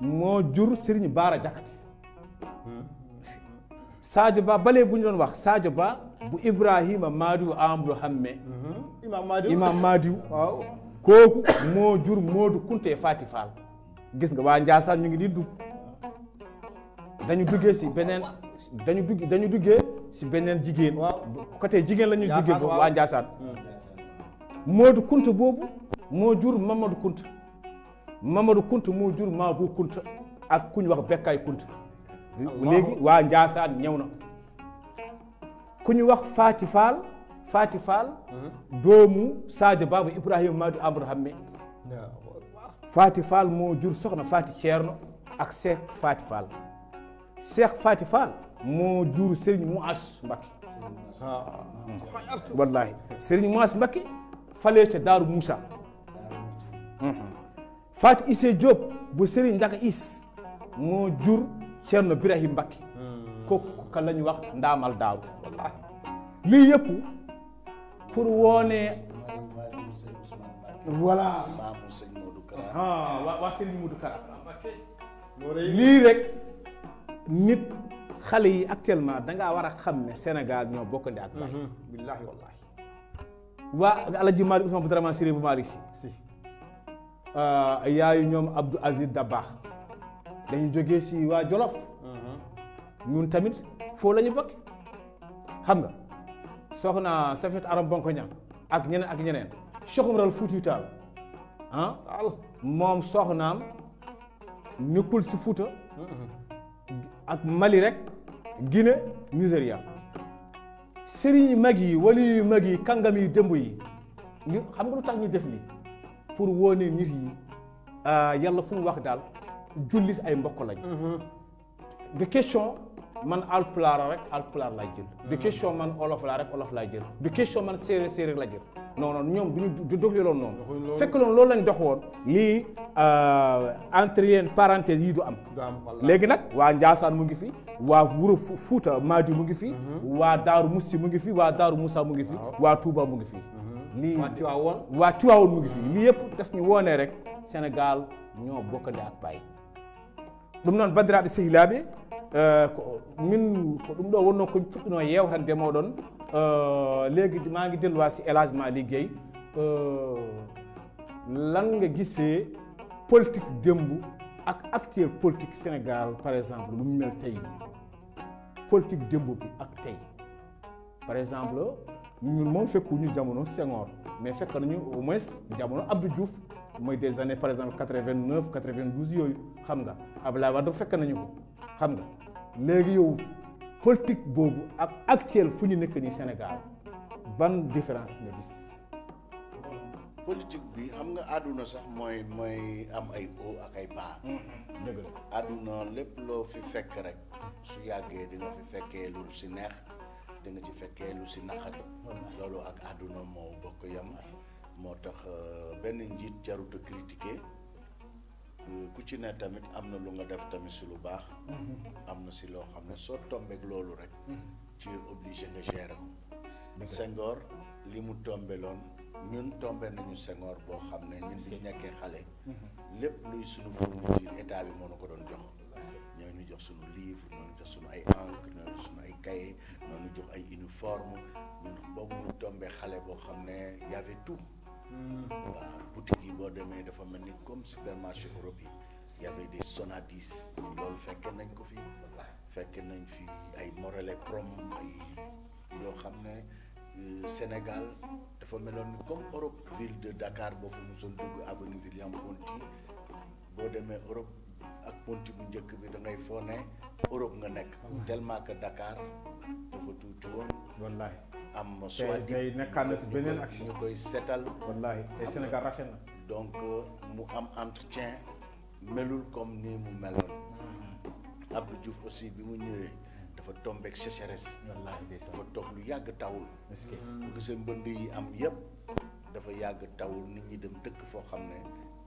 moo jur Serigne Baara Jakate Sadio Ba balee bu ñu doon wax saajo Ba bu Ibrahima Madiou Amadou Hamme. Mhm. Imam Madiou Imam Madiou. waaw kooku moo jur Modou Kunte Fati Fall. gis nga waa Ndiassane ñu ngi di dugg dañu duggee si beneen dañu dugg duggee si beneen jigéen. waaw côté jigéen la ñuy duggee. waa Ndiassane. Modou Kunte boobu moo jur Mamadou Kunte. mamadou kounta mo jur mabou kounta ak kuñ wax bekkay kounta léegi wa njaasaan ñewna kuñ wax fati fall fati fall mhm. doomu sadio baba ibrahima madou me fati fall mo jur soxna fati cierno ak cheikh fati fall cheikh fati fall mo jur serigne mouass mbakke wallahi serigne mouass mbakke falé ci daru moussa Fatou Issé Diop bu Serigne Ndiaga Is moo jur Thierno Birahim Mbacké hmm. kooku ka la ñu wax ndaamal daaw lii yëpp pour woone voilà ah lii rek nit xale yi actuellement dangaa war a xam ne senegal ñoo bokk bokkandi ak baay hmm. billaahi wallaahi waa Alaaji Maalik Usmaan bu Dramane Siré bu Maalik Si Euh, yaayu ñoom Abdou azid Dabakh dañu jógee si waa Jolof mhm. ñun tamit foo la ñu bokk xam nga soxna Safet Aram Bonko ñam ak ñeneen ak ñeneen Cheikh Oumar Foutiyou Tall ah moom soxnaam ñëkkul si Fouta mhm. ak Mali rek Guinée Nigeria sëriñ yu mag yi wali yu mag yi kàngam yi démb yi ñu xam nga lu tax ñu def lii pour wone nit yi euh, yàlla fu mu wax daal jullit ay mbokk lañ mm-hmm. de question man alpulaar rek alpulaar lay jël de mm-hmm. question man olof laa rek olof laay jël de question man séeréer séeréer la jël non ñoom duñu du doxee loolu noonu fekk loolu loolu lañ dox woon lii euh, entre yenn parenthèse yii du am léegi nag waa Njaasaan mu ngi fi waa Wuro Fuuta Maadi mu ngi fi mm-hmm. waa Daaru Musti mu ngi fi waa Daaru Moussa mu ngi fi waa Touba mu ngi fi lii waa Tiwaawoon waa Tiwaawoon mu ngi fi lii yëpp def ñu woonee rek Sénégal ñoo bokkale ak baay ɗum noon bandiraɓe sehilaaɓe min euh, ko ɗum ɗo wonno komi puɗɗino yewtande moɗon euh, leegi ma ngi delluwa si élage ma liggey euh, lan nga gisee politique démb ak acteur politique Sénégal par exemple lu mu mel tey politique démb bi ak tey par exemple ñun moom fekkuñu jamono Senghor mais fekk nañu au moins jamono Abdou Diouf mooy des années par exemple 89, 92, neuf hamga, vingt douze yooyu xam nga Abdoulaye Wade fekk nañu ko xam nga yow politique boobu ak actuel fu ñu nekk nii Sénégal ban différence nga gis. politique bi xam nga àdduna sax mooy mooy am ay haut ak ay bas. Mm-hmm. dëgg la àdduna lépp loo fi fekk rek su yàggee di fi si neex. di nga ci fekkee lu si naqari loolu ak àdduna moo bokk yem moo tax euh, benn njiit jarut a euh, ku ci ne tamit am na lu nga def tamit si lu baax mm-hmm. am na si loo xam ne soo tombeek loolu rek ci mm-hmm. obligé nga gérer sengoor li mu tombeloon ñun tombe nañu Senghor boo xam ne ñun di nekkee xale mm-hmm. lépp luy suñu fourniture état bi moo nu ko doon jox jox suñu livre ñoo jox suñu ay encre ñoo jox ay cahier jox ay uniforme ñun boobu mu tombee xale boo xam ne y avait tout hmm. waaw boutique yi boo demee dafa mel ni comme supermarché Europe yi y avait des Sonadis ñun loolu fekkee nañ ko fi fekkee nañ fi ay Morale Prom yoo xam ne euh, Sénégal dafa meloon ni comme Europe ville de Dakar boo fa mosoon dugg avenue William Ponty boo demee Europe ak ponti bu njëkk bi da ngay foo ne Europe nga nekk. tellement que dakaar dafa tuuti woon. am soit tey nekkaan na si beneen action ñu koy seetal. wallaay tey Sénégal rafet donc euh, mu am entretien melul comme ni mu meloon. Mm-hmm. Abdou Diouf aussi bi mu ñëwee. dafa tombeek sécheresse. wallaay dafa toog lu yàgg tawul. est que bu gisee mbënd yi am yëpp. dafa yàgg tawul nit ñi dem dëkk foo xam ne.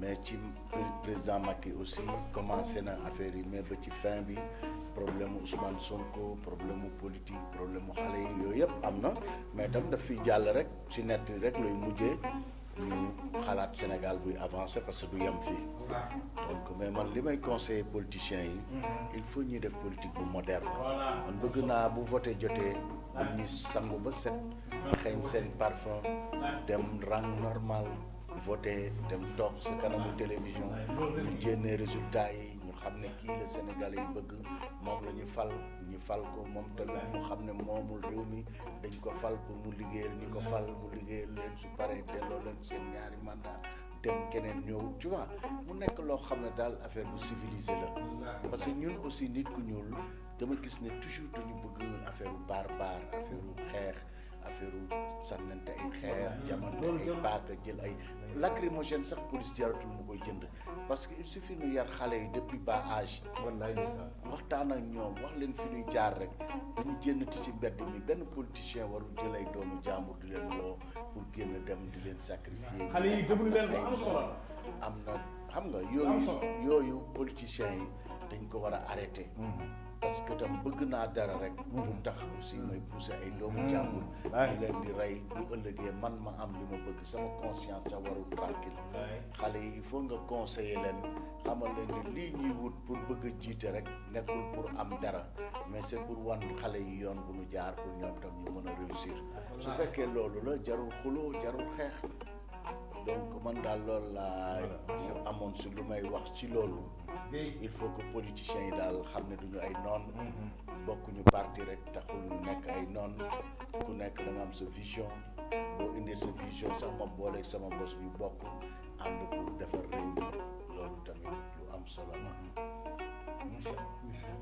mais ci président Macky aussi commencé na affaire yi mais ba ci fin bi problème mu Ousmane Sonko problème mu politique problème mu xale yi yooyu yëpp am na mais tam daf fi jàll rek ci nett rek lay mujje ñu xalaat Sénégal buy avancer parce que du yem fii. donc mais man li may conseiller politiciens yi. Mm-hmm. il faut ñuy def politique bu moderne. man bëgg naa bu vote jotee. dañuy sangu ba set. xeeñ seen parfum. dem rang normal. voté dem toog sa kanamu télévision ñu jénnee résultat yi ñu xam ne kii la Sénégalais yi bëgg moom la fal ñu fal ko moom tamit mu xam ne moomul réew mi dañ ko fal pour mu liggéeyal ñu ko fal mu liggéeyal leen su paree delloo leen seen ñaari mandat dem keneen ñëw tu vois mu nekk loo xam ne daal affaire bu civilisé la parce que ñun aussi nit ku ñuul dama gis ne toujours dañu bëgg affaire u baar baar affaire u xeex affaire sànnante ay xeer jamante ay paaka jël ay lacrymogène sax police jaratul mu koy jënd parce que il suffit ñu yar xale yi depuis bas âge waxtaan ak ñoom wax leen fi ñuy jaar rek dañu jénnati ci mbedd mi benn politicien warul jël ay doomu jàmbur di leen loo pour génn dem di leen sacrifier yi déglu leen am solo na xam nga yooyu yooyu politiciens yi dañ ko war a arrêté mhm. parce que tam bëgg naa dara rek. lu hmm. tax si may pousser ay doomu hmm. jàmbur. ñu leen di rey bu ëllëgee man ma am lu ma bëgg sama conscience sa warul tranquille xale yi il faut nga conseiller leen xamal leen ne lii ñuy wut pour bëgg a jiite rek nekkul pour am dara mais c'est pour wan xale yi yoon bu ñu jaar pour ñoom tam ñu mën a réussir. su fekkee loolu la jarul xuloo jarul xeex. donc man daal loolu laa amoon su lu may wax ci loolu il faut que politiciens yi daal xam ne duñu ay noon bokkuñu parti rek taxul ñu nekk ay noon ku nekk da am sa vision boo indee sa vision sax ma booleeg sama bos ñu bokk ànd pour defar réew loolu tamit lu am solo la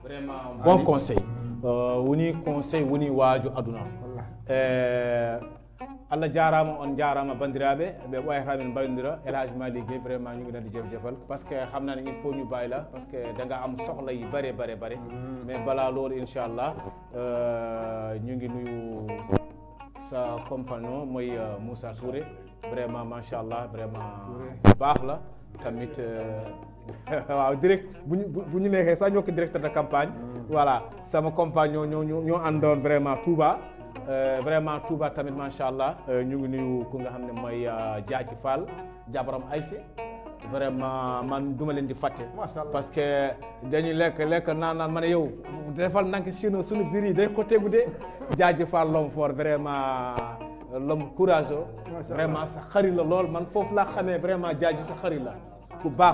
vraiment bon conseil euh, woni conseil woni waaju aduna allah jarama on jarama bandiraɓe ɓe ɓoyata men mbaynodira élage mali guey vraiment ñu ngi leen di jëf jëfal par ce que xam naa ne il faut ñu bàyyi la parce que da nga am soxla yi bare bare bare mm-hmm. mais balaa loolu inchallah euh, ñu ngi nuyu sa compagnon mooy euh, Moussa Touré vraiment macha allah vraiment baax la tamit euh, waaw direct bu ñu bu ñu neexee sax ñoo ko directeur de campagne mm-hmm. voilà sama compagnon ñoo ñoo àndoon vraiment Touba euh, vraiment Touba tamit sha allah euh, ñu ngi nuyu ku nga xam ne mooy euh, Fall jabaram Aïssé vraiment man duma leen di parce que dañu lek lek naan yow defal nank sino sunu nous day de Diadji Fall l'homme fort vraiment. l'homme courageux vraiment sa xari la lool man vraiment Diadji sa la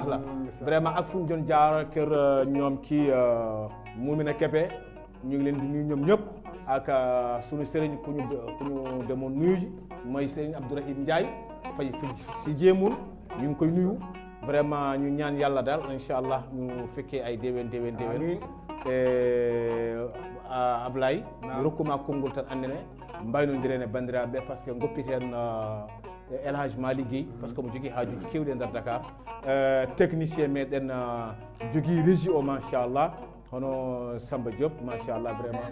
la mm, vraiment ak fuñu nous ñu ngi ak suñu sërigne kuñu kuñu demoon nuyuji mooy sërigne abdourahim ndiaye fay si jéemul ñu ngi koy nuyu vraiment ñu ñaan yàlla daal incha allah ñu fekkee ay déwén déwén déwén ablaye ñu rokkuma kongol tan ànd ne mbay no ndireene bandiraɓe par ce que ngoppiteen elhaj mali guey par ce que mo jogui haajuji kewɗi e ndeer dakar euh, technicien meɗen jogui régie o ma inchallah hono samba diop machallah vraimentah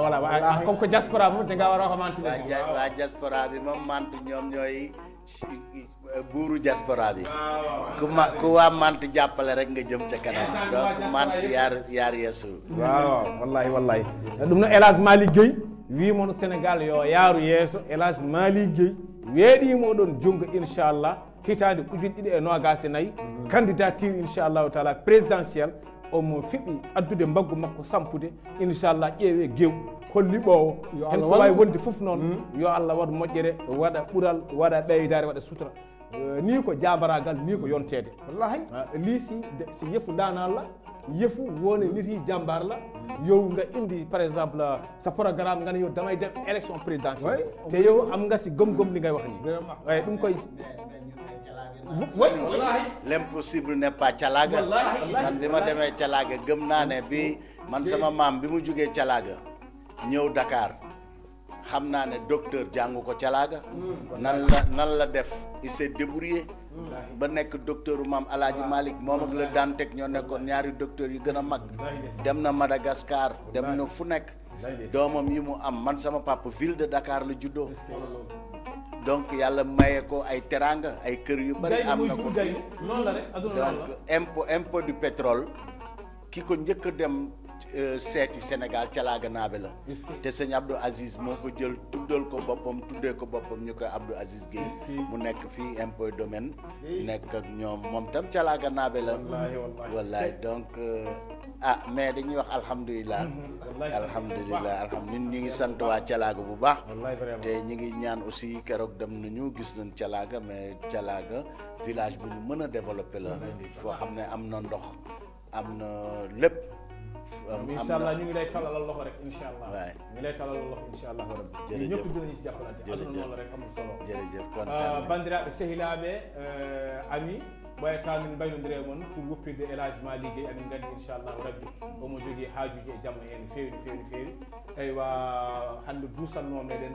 voilà comme que diaspora mum te gawara ko mantude wa diaspora ɓe mam mante ñom ñoyi buuru diaspora ɓe ah. kuma ko wa mante jappale rek nga jom ca kanam donc mante yar yar yeso waw wallahi wallahi ɗum noon hélas mali gueye wimono sénégal yo yaaru yeeso hélas mali gueye weeɗimoɗon jungo inchallah hitaande ujune ɗiɗi e noagase nayyi candidature inchallahu taala présidentiel omo fiɓi addude mbaggu makko sampude inchallah ƴeewe gew holli ɓoowo hen ko wawi wonde fof noon hmm. yo allah waɗ moƴƴere waɗa ɓural waɗa ɓeydare waɗa sutra ni ko jabaragal ni ko yonteede wallahi liisi so yefu danalla yefu woni niti jambarla yowga indi par exemple sa programme ngana yo damay dem élection présidentiel te yo am gasi gom gom li ngay wax ni ey ɗum koye l'impossible ne pas calaaga man bi ma demee calaaga gëm naa ne bi man sama maam bi mu jugee calaaga ñëw dakaar xam naa ne docteur jàngu ko calaaga hmm. nan la nan la def il s'est débrouillé hmm. ba nekk docteur u maam alaaji Malick moom ak la daan teg ñoo nekkoon ñaari docteur yu gën a mag dem na Madagascar dem na fu nekk doomam yi mu am man sama papa ville de Dakar la juddoo donc yàlla maye ko ay teraanga ay kër yu bari am na ko fii donc impôt impôt du pétrole ki ko njëkk dem Euh, seeti Sénégal calaaga naabe la te sëñ Abdou Aziz moo ko jël tuddal ko boppam tuddee ko boppam ñu koy Abdou Aziz Guèye mu nekk fii impôt domaine nekk ak ñoom moom tam calaaga naabe la wallaay donc euh, ah mais dañuy wax alhamdulilah alhamdulilah alhamdulilah ñun ñu ngi sant waa calaaga bu baax te ñu ngi ñaan aussi keroog dem nañu gis nañ calaaga mais calaaga village bu ñu mën a développé la foo xam ne am na ndox am na lépp inchallah ñu ngi lay talalal loxo rek inchallah ñu lay talalal loxo inchallah rab ñëpp dinañu si jàppalante aduna noonu rek amul solo jërëjëf kon euh, bandiraaɓe sehilaaɓe euh, ami ɓoyataa min mbaynondiree moon pour woppirde élagement liggéey amin nganndi inchallahu rabbi omo jogii haajuji e jamma heen feewi no feewi no feewi eywa hannde duusannoomeɗen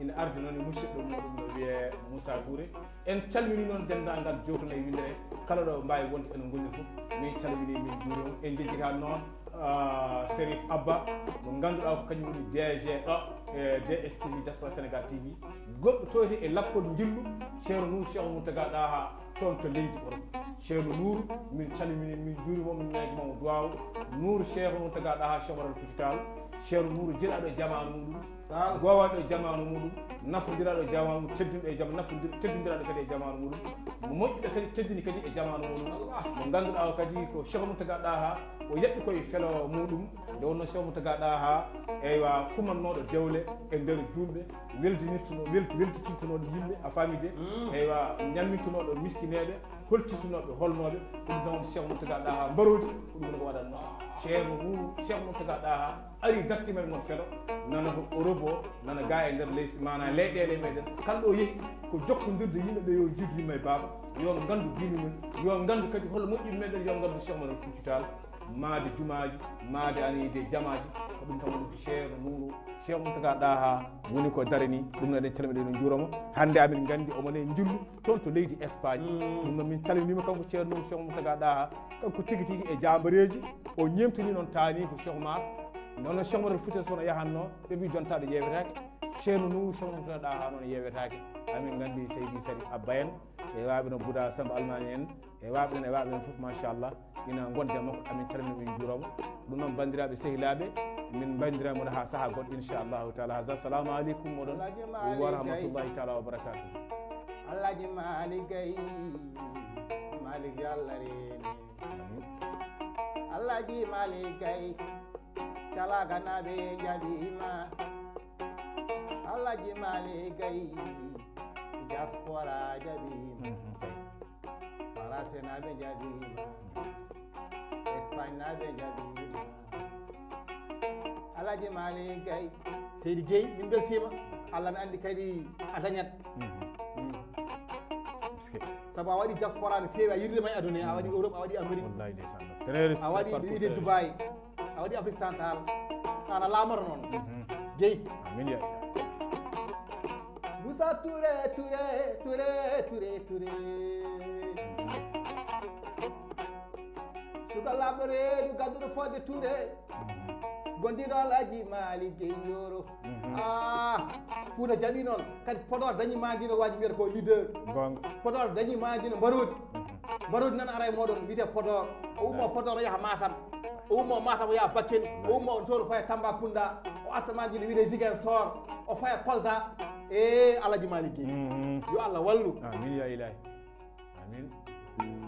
ina ardi noon e musidɗo muɗum no wiye moussa gouré en calmini noon denndangal jokonayi windere kala ɗo mbawi wonde ene gonni fof min calmini min juuri on en jejjita noon ah, sérif abba mo ngannduɗa ko kañum woni dg e ɗo e dstv diaspora sénégal tv goɗɗo toyte e lappol jillu ceerno nu cheikh mumtagal ɗa toon to leydi oro ceeno nour min calimini min juurima min ñaagi mamo duwaw nour cheikh noon tagaɗa ha cobaral fitital ceeno nour jeɗaɗo e jamanu muɗum gowaɗo e jamanu muɗum nafodiraɗo e jamanu muɗum teddinɗo e jam nafodir teddidiraɗo kadi e jamanu muɗum moƴƴuɗo kadi teddini kadi e jamanu muɗum mo ganduɗa o kadi ko cheikh mo tagaɗa ha o yeɓɓi koye felo muɗum nde wonno cheikh mo tagaɗa ha eywa kumannoɗo dewle e nder julɓe weltinirtuno welt weltitirtunoɗo yimɓe a faami de heywa mm. ñammintunoɗo miskineɓe holtitunoɓe holnoɓe ɗum noon chekh notagaɗa ha mbarodi ko ɗum ko waɗatno ceerno muru chekh notagaɗa ha ari dartimen gon feɗo nana europe o nana ga e nder leysi mana leyɗele meɗen kalɗo yehi ko jokkodirde yimɓeɓe yo jiddu yimma e baaba yo gandu dini mum yo gandu kadi hol moƴƴi meɗen yo gandu chekh mo ɗen fuccitalo maade jumaaji maade aniide jamaaji ko ɗum tawo ceero muuro ceeo mumtaka ɗa ha woni ko dare ni ɗum noon eɗen calmiɗe no juuramo hannde amin nganndi omone jillu toon to leydi espagne mm. ɗum noon min calminima kanko ceero muuro ceeo mumtaka ɗa ha kanko tigi tigi e jambareeji o ñemtini noon taani ko ceeho ma nono ceeho mo tan futtete soono yahanno ɓe mbi jontaɗo yeeweteake ceeno nu sohnotoɗa hanoon yewetake amin gandi seydi sadi abba en e waɓe no bouda samba almani en e waɓenen e waɓenen foof machallah ina gonde makko amin calmini min juuramo ɗum noon bandiraɓe sehilaɓe min bandiramoɗo ha saaha goɗɗo inchallahu taala hasa assalamu aleykum moɗon wa rahmatullahi taala wa barakatuh allaji maligay malig allah reni allaji maligay calaganaɓe jaɓima jimale gai diaspora jabima farase na be jabima espagne jadi, alaji male gay. seydi gay, min beltima hmm. hmm. ya allah ne andi kadi a dañat saabu a waɗi diaspora no feewi a yirlima aduna a waɗi europe a di amérique a waɗi wiide dubai a waɗi afrique central sa ture ture ture ture ture suka labore du gaduru fodde ture mhm. gondidol aji maali geyoro mhm. a ah, fuuta jaɓi noon kadi podor dañi madino waji mbiyata ko leader gonga podor dañi madino mbarodi mbarodi mhm. nan ara e moɗon wiyete podor o wumma podor o yaaha matam o ummo mataw yaha bakel o on toon o faya tambacounda o astamaji no wiite ziguinchor o faya kolda e alaji malik guey yo allah wallu amin ya ilahi amin